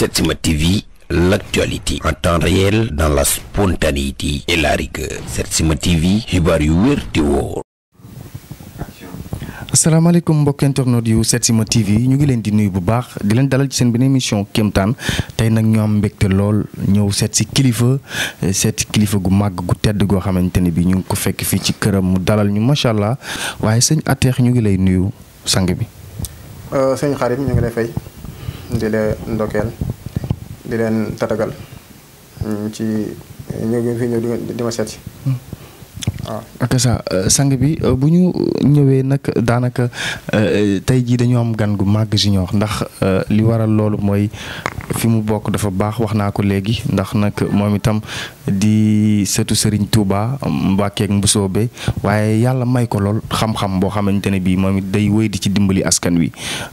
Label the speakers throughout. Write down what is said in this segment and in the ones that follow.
Speaker 1: Setsima TV l'actualité en temps réel dans la spontanéité et la rigueur Setsima TV xibaar yu wér te wóor. asalaamaaleykum mbokk TV ñu ngi leen di nuyu bu baax di leen dalal ci seen beneen émission kéemtaan tey nag ñoo am mbégte lool ñëw seet si kilifa seet si kilifa gu màgg gu tedd goo xamante ne bi ñu ngi ko fekk fii ci këram mu dalal ñu macha allah waaye sëñ Ateex ñu ngi lay nuyu sang bi.
Speaker 2: Euh, sëñ Xarim ñu ngi lay fay di la ndokkeel. di leen tatagal mm, ci ñëw gi fi ñëw di ma seet si hmm. waaw
Speaker 1: euh, sang bi euh, bu ñu ñëwee nag daanaka euh, tey jii dañu am gan gu màgg junior ndax li waral loolu mooy fi mu bokk dafa baax wax naa ko léegi ndax nag moom itam di sëtu Serigne Touba Mbacke ak Mbusoobe waaye yàlla may ko lool xam-xam boo xamante ne bii moom it day wéy di ci dimbali askan wi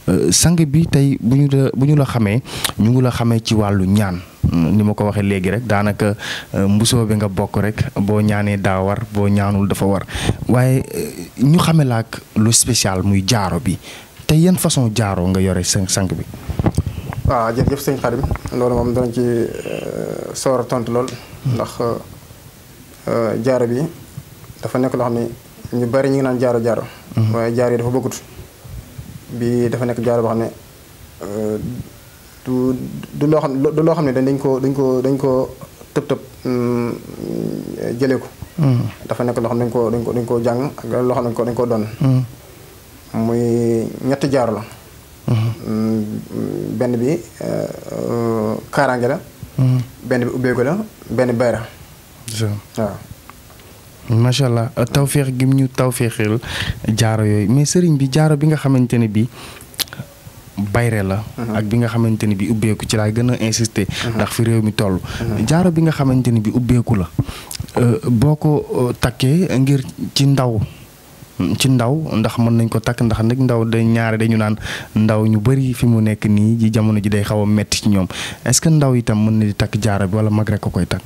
Speaker 1: euh, sang bi tey bu ñu la bu ñu la xamee ñu ngi la xamee ci wàllu ñaan. ni ma ko waxee léegi rek daanaka euh, mbusoo nga bokk rek boo ñaanee daa war boo ñaanul dafa war waaye euh, ñu xamelaak lu spécial muy jaaro bi te yan façon jaaro nga yore sang sang bi
Speaker 2: waaw jërëjëf sëñ Xadim loolu moom danañ ci euh, sawar a tontu lool. ndax euh, jaaro bi dafa nekk loo xam ne ñu bari ñu ngi naan jaaro jaaro. Mm-hmm. waaye jaaro yi dafa bëggut bi dafa nekk jaaro boo xam ne euh, du du loo xam loo xam ne dañ ko dañ ko dañ ko tëb tëb jëlee ko. Mm-hmm. dafa nekk loo xam ne dañ ko dañ ko dañ ak loo dañ dañ koo doon. Mm-hmm. muy ñett jaaro la. Euh, benn bi euh, kaaraange la. Hmm. benn bi ubbeeku la benn bayra. waaw.
Speaker 1: macha allah tawféex gi ñu tawféexeel jaaro yooyu mais bi jaaro bi nga xamante ne bii bayre la. Hmm. ak bi nga xamante ne bii ubbeeku ci laay gën a insisté hmm. ndax fi réew mi toll. jaaro bi nga xamante ne bii ubbeeku la. Euh, boo ko takkee ngir ci ndaw. ci ndaw ndax mën nañ ko takk ndax nag ndaw day ñaare dañu naan ndaw ñu bari fi mu nekk nii ji jamono ji day xaw a metti ci ñoom est-ce que ndaw itam mën na di takk jaara bi wala mag rek ko koy takk.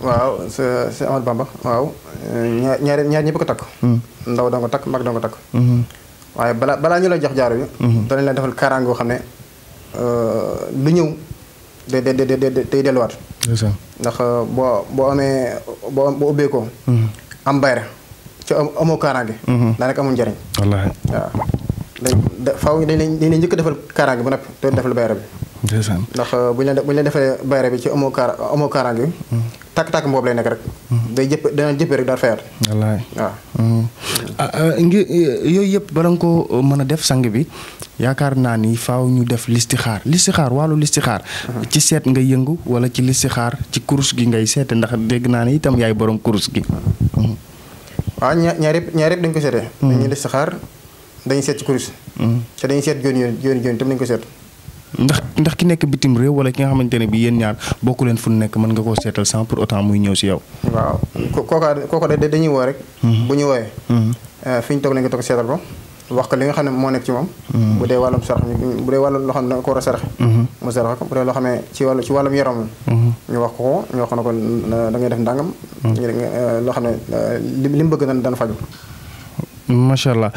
Speaker 2: waaw c'est Amadou Bamba waaw ñaar ñaar ñaar ñëpp ko takk. Hmm. ndaw danga ko takk mag danga ko takk. Hmm. waaye balaa balaa ñu lay jox jaaro bi. Hmm. danañ leen defal kaaraange goo xam ne euh, lu ñëw day day day day delluwaat. ndax euh, boo boo amee boo boo am bayra ci amoo kaaraange. Mhm. daanaka amul njëriñ. wallaahi waaw. dañ da faaw dañ leen njëkk defal kaaraange ba noppi doon defal bayra bi. ndeysaan ndax euh, bu ñu leen bu ñu leen defalee bi ci amoo kaara amoo kaaraange. Mhm. tàkk-tàkk boobu rek. Mhm. day jëpp dana jëppee rek daal fayaat. Ah, ah, yooyu yëpp bala
Speaker 1: nga koo euh, mën a def sang bi yaakaar naa ni faaw ñu def listixaar listixaar wàllu listixaar. ci seet ngay yëngu wala ci xaar ci kurus gi ngay seete ndax dégg naa ni itam yaay borom kurus gi.
Speaker 2: waaw ah, ñaar ñaar yëpp ñaar yëpp dañ ko seetee. Mm. dañuy des saxaar dañuy seet ci kurus. Mm. te dañuy seet yoon yoon yoon yoon tam dañ ko seet.
Speaker 1: ndax ndax ki nekk bitim réew wala ki nga xamante ne bi yéen ñaar bokku leen fu nekk mën nga koo seetal sans pour autant muy ñëw si yow.
Speaker 2: waaw kooka kooka dañuy woo rek. Mm-hmm. bu ñu wooyee. Mm-hmm. Euh, fi ñu toog lañ ko toog seetal ko. wax ko li nga xam ne moo nekk ci moom mm-hmm. bu dee wàllum sarax bu dee wàllum loo xam ne ko war a saraxe mm-hmm. mu saraxe ko bu dee loo xam ci wàllu ci wàllum yaram mm-hmm. ñu wax ko ko ñu wax ko ne ko da ngay def ndàngam loo xam ne li mu bëgg na dana faju
Speaker 1: macha allah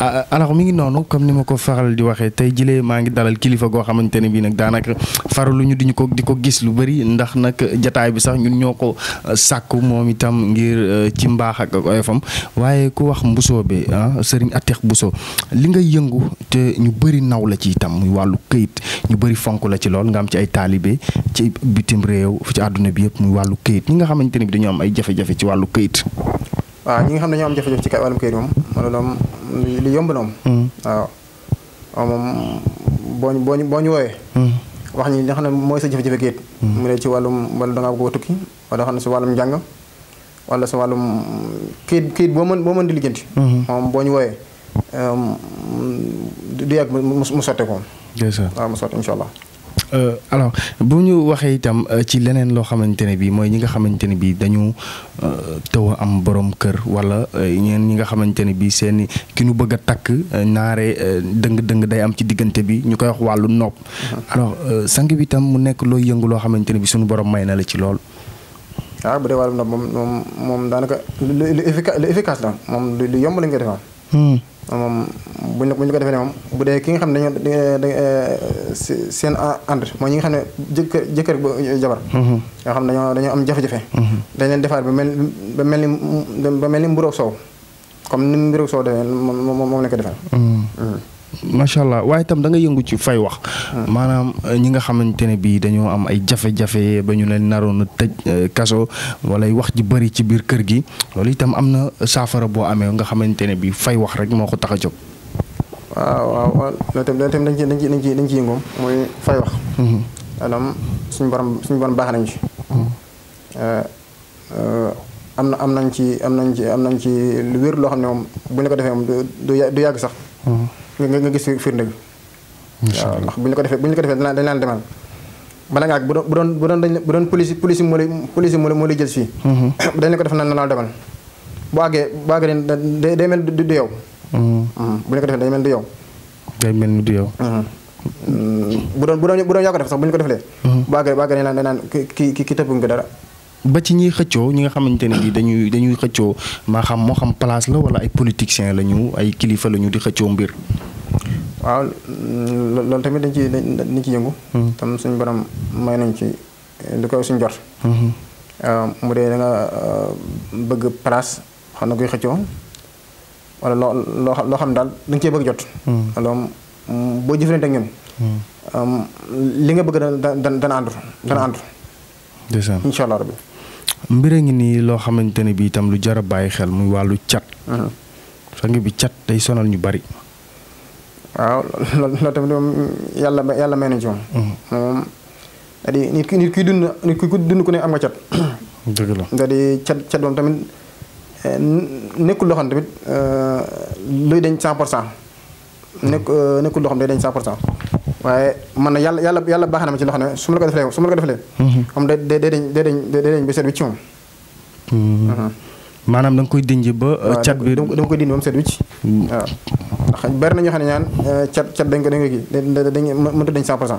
Speaker 1: ah, ah, alors mi ngi noonu comme ni ma ko faral di waxee tey jile maa ngi dalal kilifa goo xamante ne bii nag daanaka faraluñu di ñu ko di ko gis lu bëri ndax nag jataay bi sax ñun ñoo ko euh, sàkku moom itam ngir euh, ci mbaax ak ak waaye ku wax mbusoo bi ah sëriñ Atex Bousso li nga yëngu te ñu bëri naw la ci itam muy wàllu këyit ñu bari fonk la ci lool nga am ci ay taalibe ci bitim réew ci àdduna bi yëpp muy wàllu këyit ñi nga xamante ne bi dañoo am ay jafe ci wàllu këyit.
Speaker 2: waaw ñi nga xam ne ñoo am jafe ci kay wàllum kayit moom maanaam li yomb na moom. Mm. waaw moom boo ñu boo ñu boo ñu woowee. Mm. wax ñi nga xam ne mooy sa jafe-jafe kayit. Mm. mu ne ci wàllum wala dangaa bëgg a tukki wala xam ne si wàllum njàng. wala sa wàllum kayit kayit boo mën boo mën di lijjanti. Mm-hmm. moom boo ñu wooyee um, du yàgg mu mu sotte ko. waaw mu sotte incha
Speaker 1: Euh, alors bu ñu waxee itam euh, ci leneen loo xamante ne bii mooy ñi nga xamante ne bii dañu euh, taw a am borom kër wala ñeen ñi nga xamante ne bii seen ki ñu bëgg a takk ñaare dëng-dëng day am ci diggante bi ñu koy wax wàllu nopp. Uh-huh. alors sang bi itam mu nekk looy yëngu loo xamante ne bii suñu borom may na la ci lool.
Speaker 2: waaw ah, bu dee wàllu nopp moom moom moom daanaka lu lu la moom lu yomb lañ koy defal. Hmm. bu ñu bu ñu ko defee ne moom bu dee ki nga xam ne dañoo eh, seen ànd mooy ñi nga xam ne jëkkër jëkkër ba eh, jabar nga mm-hmm. xam dañoo dañoo am jafe-jafe mm-hmm. dañ leen ba mel ba mel ni ba mel ni mburoog soow comme ni mburoog soow defee moom moom lañ ko defee
Speaker 1: mm-hmm. mm. macha allah waaye itam da nga yëngu ci fay wax. Mm. maanaam eh, ñi nga xamante ne bii dañoo am ay jafe-jafe ba ñu leen naroon a tëj kaso wala wax ji bëri ci biir kër gi loolu itam am na saafara boo amee nga xamante ne bii fay wax rek moo ko tax a jóg.
Speaker 2: waaw waaw waaw loolu tam loolu tam dañ ci dañ ci dañ ci dañ ci yëngoom mooy fay wax mm-hmm. maanaam suñu borom suñu borom baax nañ ci mm-hmm. euh, euh, am na am nañ ci am nañ ci am nañ ci lu wér loo xam ne moom bu ñu ko defee moom du yàgg sax mm-hmm. nga nga gis firnde bi waaw ndax bu ñu ko defee bu ñu ko defee dañ laan demal bala ngaa bu doon bu doon dañ bu doon police police moo lay police moo lay jël fii dañ la ko def na na demal boo àggee boo àggee day mel du yow Mm. Mm. bu ñu ko defee dañu du yow.
Speaker 1: day mel ni du yow. Mm-hmm. Mm.
Speaker 2: bu doon bu doon bu doon yaa ko def sax bu ñu ko defee. bu àggee bu àggee dañu naan dañu naan ki ki ki tëppuñ ko dara.
Speaker 1: ba ci ñiy xëccoo ñi nga xamante ne bii dañuy dañuy xëccoo maa xam moo xam place la wala ay politiciens la ñu ay kilifa la ñu di xëccoo mbir.
Speaker 2: waaw loolu tamit dañ ci dañ ci yëngu. Mm-hmm. tam suñu borom may nañ ci eh, li koy suñu jot. Mm-hmm. Euh, mu dee da euh, bëgg place xam na kuy xëccoo. wala loo loo xam loo xam daal da nga cee bëgg jot. Hmm. alors boo jëfandikoo
Speaker 1: ak
Speaker 2: hmm. li nga bëgg dana dana dana ànd dana ànd. incha allah incha allah rabbi.
Speaker 1: mbir ngi nii loo xamante ne bii itam lu jar a bàyyi xel muy wàllu cat. Hmm. sang bi cat day sonal ñu bari.
Speaker 2: waaw loolu tamit moom yàlla yàlla may nañ ci moom. moom cest nit ki dund nit kuy dund ku ne am nga cat. dëgg cat moom tamit. Euh, nekkul loo xam tamit euh, luy dañ 100 cent nekk hmm. euh, nekkul loo day dañ 100 pour cent waaye man na yàlla yàlla yàlla baax na ci loo xam ne su ma ko defee su ma la ko defalee. xam hmm. day day dañ day dañ day dañ ba seet wicc hmm. uh-huh. koy dindi ba. cat bi da nga koy dindi ba bari na ñoo ne ñaan cat dañ ko dañ ko kii dañ mënut a dañ 100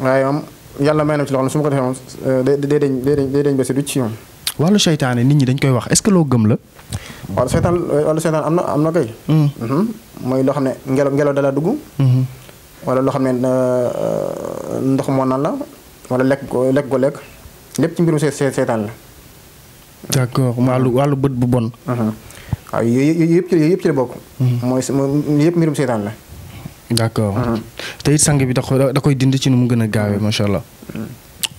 Speaker 2: waaye moom yàlla may na ma ci loo su ma ko defee moom day dañ day dañ ba seet wicc moom.
Speaker 1: wàllu seytaane nit ñi dañ koy wax est-ce que loo gëm la.
Speaker 2: wàllu seytaan wàllu seytaan am na am na kay. Hmm. Hmm. mooy loo xam ne ngelaw ngelaw dala dugg. Hmm. wala loo xam ne euh, ndox moo naan la wala lekk ko lekk lekk lépp ci mbirum se seytaan la.
Speaker 1: d'accord wàllu wàllu bët bu bon. waaw
Speaker 2: yooyu yëpp ci yooyu yëpp ci la bokk. mooy yëpp mbirum seytaan la.
Speaker 1: d'accord. te sang bi da koy da koy dindi ci nu mu gën a gaawee macha allah.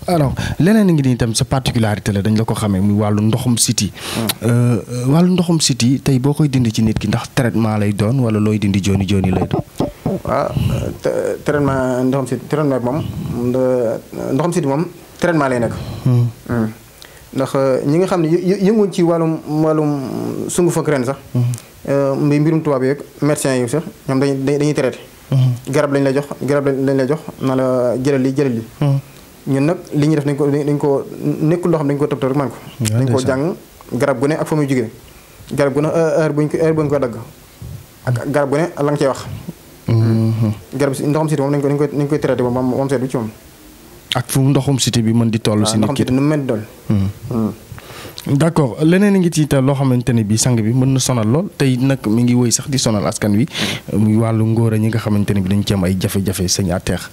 Speaker 1: alors leneen a ngi nii tam sa particularité la dañ la ko xamee muy wàllu ndoxum siti euh, euh, wàllu ndoxum siti tey boo koy dindi ci nit ki ndax traitement lay doon wala looy dindi jooni jooni lay doon.
Speaker 2: waaw ah, traitement ndoxum siti traitement moom ndoxum siti moom traitement lay nekk. Hmm. Hmm. ndax euh, ñi nga xam ne yënguñ ci wàllum wàllum sungu fa ren sax. Hmm. mbay mbirum tubaab yeeg médecin yi sax ñoom dañuy dañuy garab lañ la jox garab lañ la jox na la jëlal li jëlal li. ñun nag li ñu def dañ ko dañ ko nekkul loo xam dañ ko tëb rek man ko dañ ko jàng garab gu ne ak fa muy jógee garab gu ne euh, heure buñ ko heure ko dagg ak garab gu ne la nga cay wax mm-hmm. garab si ndoxam siti moom dañ ko dañ koy traité moom moom seet bi ci moom
Speaker 1: ak fu ndoxum siti bi mën di toll si nit ki nu mu mel di doon d' accord leneen a ngi ci loo xamante ne bii sang bi mën na sonal lool tey nag mi ngi woy sax di sonal askan wi muy wàllu ngóor ñi nga xamante ne bi dañ ci am ay jafe-jafe sañ àtteex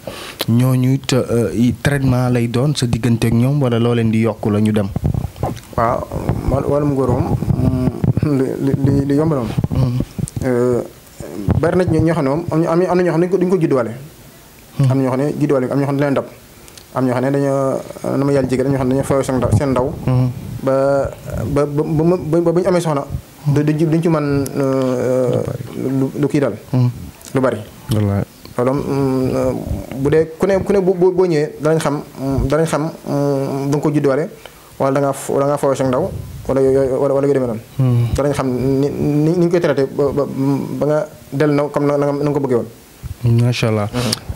Speaker 1: ñooñu euh, traitement lay doon sa diggante ñoom wala loo leen di yokk ñu dem.
Speaker 2: waaw man wàllum ngóor moom mm, li li li yomb mm-hmm. euh, bari na ñoo xam ne moom am na ñoo xam ne dañu ko dañu am na ñoo ne juddwaale mm-hmm. am na ñoo xam ne leen dab. am ñoo xam ne dañoo na ma yàlla jigéen dañoo xam ne dañoo fooy seen ndaw mm-hmm. ba ba ba ba ba ñu amee soxna duñ ci man euh, lu kii dal mm-hmm. lu bari loolu mm, euh, bu dee ku ne ku ne boo boo ñëwee danañ xam danañ xam mm, da nga ko judduwaale wala da ngaa da ngaa fooy seen ndaw wala yooyu wala yooyu demee noonu mm-hmm. danañ xam ni ni ñu koy traité ba ba nga del na comme na nga ko bëggee woon
Speaker 1: macha allah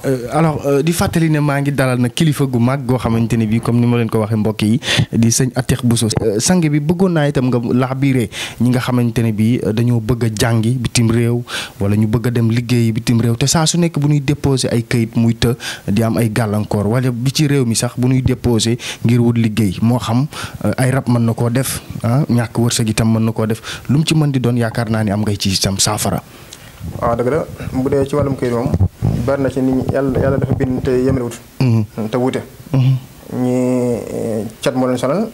Speaker 1: euh, alors euh, di fàttali ne maa ngi dalal na kilifa gu mag goo xamante ne bii comme ni ma leen ko waxee mbokk yi di sëñ Atikh Bousso euh, sang bi bëggoon naa itam nga lax laabiire ñi nga xamante ne bii dañoo bëgg a jàngi bitim réew wala ñu bëgg a dem liggéeyi bitim réew te saa su nekk bu ñuy déposé ay kayit muy të di am ay gàllankoor wala bi ci réew mi sax bu nuy déposé ngir wut liggéey moo xam ay rab mën na koo def ah ñàkk wërsëg itam mën na koo def lu mu ci mën di doon yaakaar naa ni am ngay ci itam saafara.
Speaker 2: waaw dëgg la bu dee ci wàllum këyit moom bari na ci nit ñi yàlla yàlla dafa bind te yemalewut mm-hmm. te wuute mm-hmm. ñi eh, cat moo leen sonal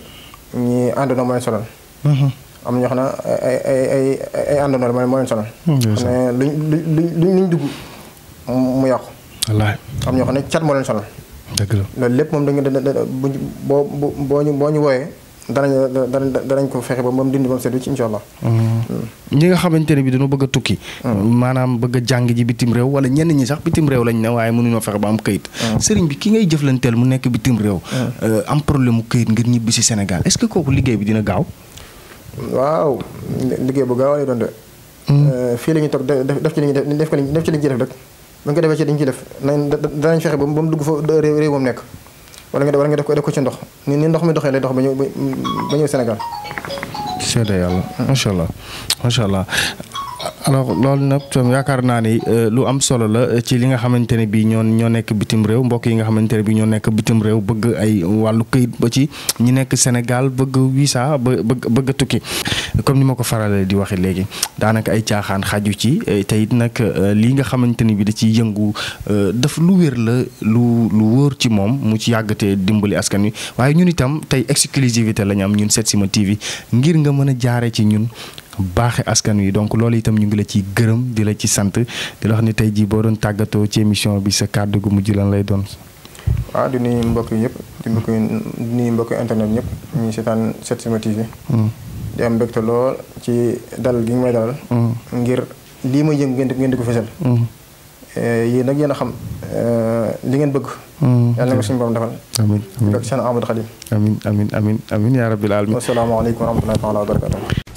Speaker 2: ñi àndandoo moo leen sonal mm-hmm. am na ñoo xam ne ay ay ay ay àndandoo moo leen sonal xam ne luñ luñ luñ dugg mu yàqu am ñoo xam ne cat moo leen sonal loolu lépp moom dañu boo boo boo ñu wooyee danañ danañ ko fexe ba moom dindi moom seetlu ci incha allah.
Speaker 1: Mm-hmm. ñi nga xamante ne bi dañoo bëgg a tukki. Mm. maanaam bëgg a jàng ji bitim réew wala ñenn ñi sax bitim réew lañ ne waaye mënuñoo fexe ba am këyit. Mm. sëriñ bi ki ngay jëflanteel mu nekk bitim réew. Mm. Euh, am problème mu këyit ngir ñibbi si Sénégal est-ce que kooku liggéey bi dina gaaw.
Speaker 2: waaw liggéey bu gaaw lay doon de. Euh, fii la ñuy toog def ci li ñuy def def ci li def rek. bu ñu ko defee ci li ñu ciy def nañ danañ fexe ba mu dugg fa réew réew nekk wala nga def ko def ko ci ndox ni ni ndox mi doxee dox ba ñëw ba ñëw Sénégal.
Speaker 1: seede macha allah macha allah. alors loolu nag yaakaar naa ni euh, lu am solo la euh, ci li nga xamante ne bii ñoo ñoo nekk bitim réew mbokk yi nga xamante ne bii ñoo nekk bitim réew bëgg ay wàllu këyit ba ci ñu nekk Sénégal bëgg visa bëgg bëgg tukki comme ni ma ko faralee di waxee léegi daanaka ay caaxaan xaju ci euh, tey it nag lii nga xamante ni bi da ciy yëngu daf lu wér la lu lu wóor ci moom mu ci yàggatee dimbali askan wi waaye ñun itam tey exclusivité la ñu am ñun Setsima TV ngir nga mën a jaaree ci ñun. baaxe askan wi donc loolu itam ñu ngi la ciy gërëm di la ci sant di la wax ne tey jii boo doon tàggatoo ci émission bi sa kàddu gu mujj lan lay doon.
Speaker 2: waaw ah, di nuyu mbokk yëpp di nii mbokk internet ñëpp ñu seetaan Setsima TV mm. di am mbégte lool ci dalal gi ñu may dalal. Mm. ngir lii may yëngu ngeen di ko fésal. Mm. Eh, yii nag yéen a xam eh, li ngeen bëgg. yàlla na ko suñu borom defal. amiin amiin ak seen Amadou Khadim. amiin amiin amiin amiin yaa rabbil alamin. wa rahmatullahi